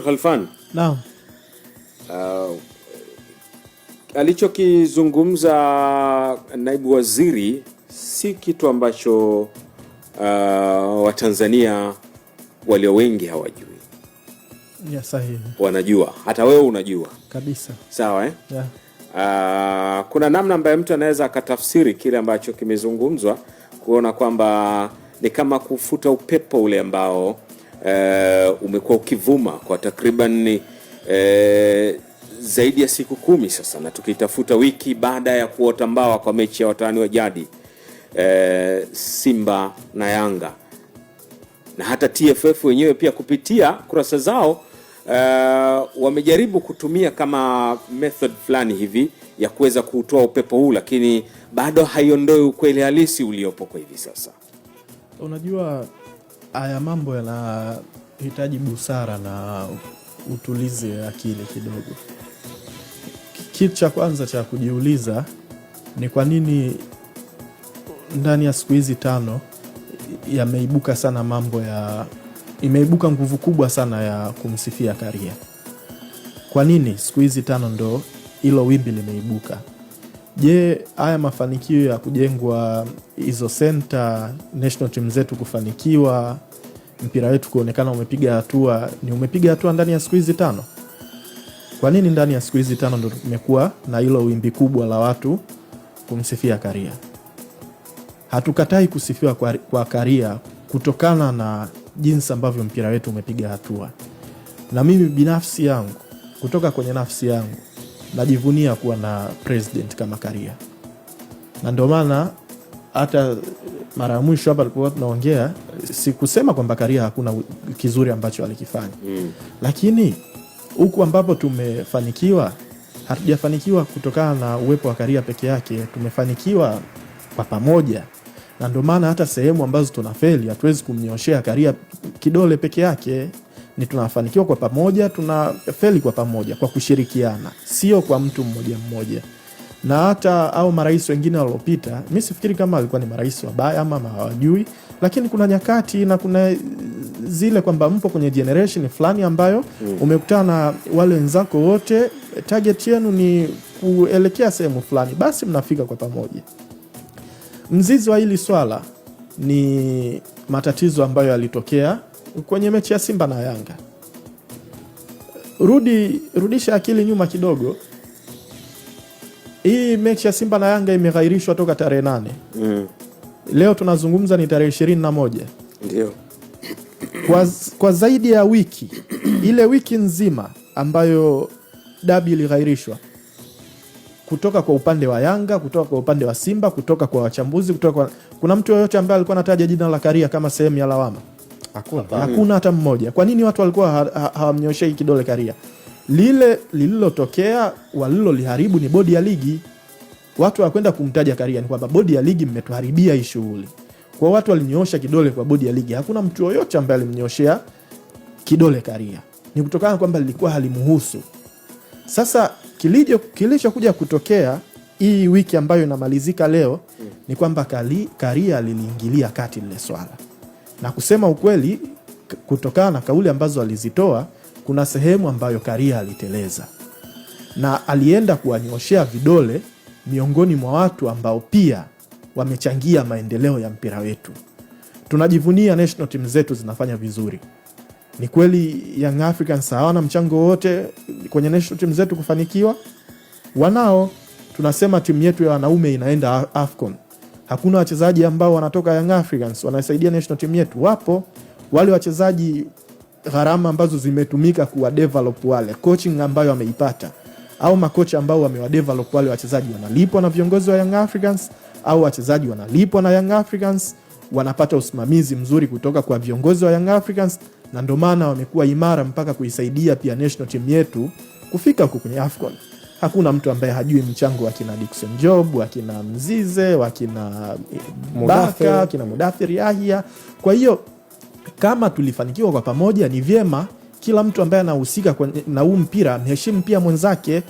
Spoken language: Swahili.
Khalfan. Naam. Uh, alichokizungumza naibu waziri si kitu ambacho uh, Watanzania walio wengi hawajui. Ya sahihi. Wanajua, hata wewe unajua kabisa. Sawa eh? Yeah. Uh, kuna namna ambayo mtu anaweza akatafsiri kile ambacho kimezungumzwa kuona kwamba ni kama kufuta upepo ule ambao uh, umekuwa ukivuma kwa takriban uh, zaidi ya siku kumi sasa, na tukitafuta wiki baada ya kuota mbawa kwa mechi ya watani wa jadi uh, Simba na Yanga, na hata TFF wenyewe pia kupitia kurasa zao uh, wamejaribu kutumia kama method fulani hivi ya kuweza kuutoa upepo huu, lakini bado haiondoi ukweli halisi uliopo kwa hivi sasa. Unajua haya mambo yanahitaji busara na utulize akili kidogo. Kitu cha kwanza cha kujiuliza ni kwa nini ndani ya siku hizi tano yameibuka sana mambo ya imeibuka nguvu kubwa sana ya kumsifia Karia. Kwa nini siku hizi tano ndo hilo wimbi limeibuka? Je, haya mafanikio ya kujengwa hizo senta, national team zetu kufanikiwa, mpira wetu kuonekana umepiga hatua, ni umepiga hatua ndani ya siku hizi tano? Kwa nini ndani ya siku hizi tano ndo tumekuwa na hilo wimbi kubwa la watu kumsifia Karia? Hatukatai kusifiwa kwa, kwa Karia kutokana na jinsi ambavyo mpira wetu umepiga hatua, na mimi binafsi yangu kutoka kwenye nafsi yangu najivunia kuwa na president kama Karia, na ndio maana hata mara ya mwisho hapa alipokuwa tunaongea, sikusema kwamba Karia hakuna kizuri ambacho alikifanya mm. Lakini huku ambapo tumefanikiwa, hatujafanikiwa kutokana na uwepo wa Karia peke yake, tumefanikiwa kwa pamoja, na ndio maana hata sehemu ambazo tuna feli hatuwezi kumnyoshea Karia kidole peke yake ni tunafanikiwa kwa pamoja, tunafeli kwa pamoja, kwa kushirikiana, sio kwa mtu mmoja mmoja. Na hata au marais wengine waliopita, mi sifikiri kama walikuwa ni marais wabaya ama hawajui, lakini kuna nyakati na kuna zile kwamba mpo kwenye generation fulani ambayo mm. umekutana na wale wenzako wote, target yenu ni kuelekea sehemu fulani, basi mnafika kwa pamoja. Mzizi wa hili swala ni matatizo ambayo yalitokea kwenye mechi ya Simba na Yanga. Rudi, rudisha akili nyuma kidogo. Hii mechi ya Simba na Yanga imeghairishwa toka tarehe nane. Mm. Leo tunazungumza ni tarehe ishirini na moja. Ndio. Kwa, kwa zaidi ya wiki ile wiki nzima ambayo dabi ilighairishwa kutoka kwa upande wa Yanga, kutoka kwa upande wa Simba, kutoka kwa wachambuzi, kutoka kwa... kuna mtu yoyote ambaye alikuwa anataja jina la Karia kama sehemu ya lawama? hakuna hakuna hata mmoja. Kwa nini watu walikuwa hawamnyoshei ha, ha, kidole Karia? Lile lililotokea waliloliharibu ni bodi ya ligi. Watu hawakwenda kumtaja Karia, ni kwamba bodi ya ligi mmetuharibia hii shughuli. Kwa watu walinyoosha kidole kwa bodi ya ligi, hakuna mtu yoyote ambaye alimnyoshea kidole Karia, ni kutokana kwamba lilikuwa halimuhusu. Sasa kilichokuja kutokea hii wiki ambayo inamalizika leo hmm. ni kwamba Karia liliingilia kati lile swala na kusema ukweli, kutokana na kauli ambazo alizitoa, kuna sehemu ambayo Karia aliteleza na alienda kuwanyoshea vidole miongoni mwa watu ambao pia wamechangia maendeleo ya mpira wetu. Tunajivunia national team zetu zinafanya vizuri. Ni kweli Young Africans hawana mchango wowote kwenye national team zetu kufanikiwa? Wanao. Tunasema timu yetu ya wanaume inaenda AFCON. Hakuna wachezaji ambao wanatoka Young Africans wanasaidia national team yetu. Wapo wale wachezaji, gharama ambazo zimetumika kuwa develop wale, coaching ambayo wameipata au makocha ambao wamewadevelop wale wachezaji wanalipwa na viongozi wa Young Africans au wachezaji wanalipwa na Young Africans, wanapata usimamizi mzuri kutoka kwa viongozi wa Young Africans, na ndio maana wamekuwa imara mpaka kuisaidia pia national team yetu kufika huko kwenye AFCON hakuna mtu ambaye hajui mchango wa kina Dickson Job, wa kina Mzize, wa kina eh, Baka, wa kina Mudathir Yahya. Kwa hiyo kama tulifanikiwa kwa pamoja, ni vyema kila mtu ambaye anahusika na huu mpira mheshimu pia mwenzake.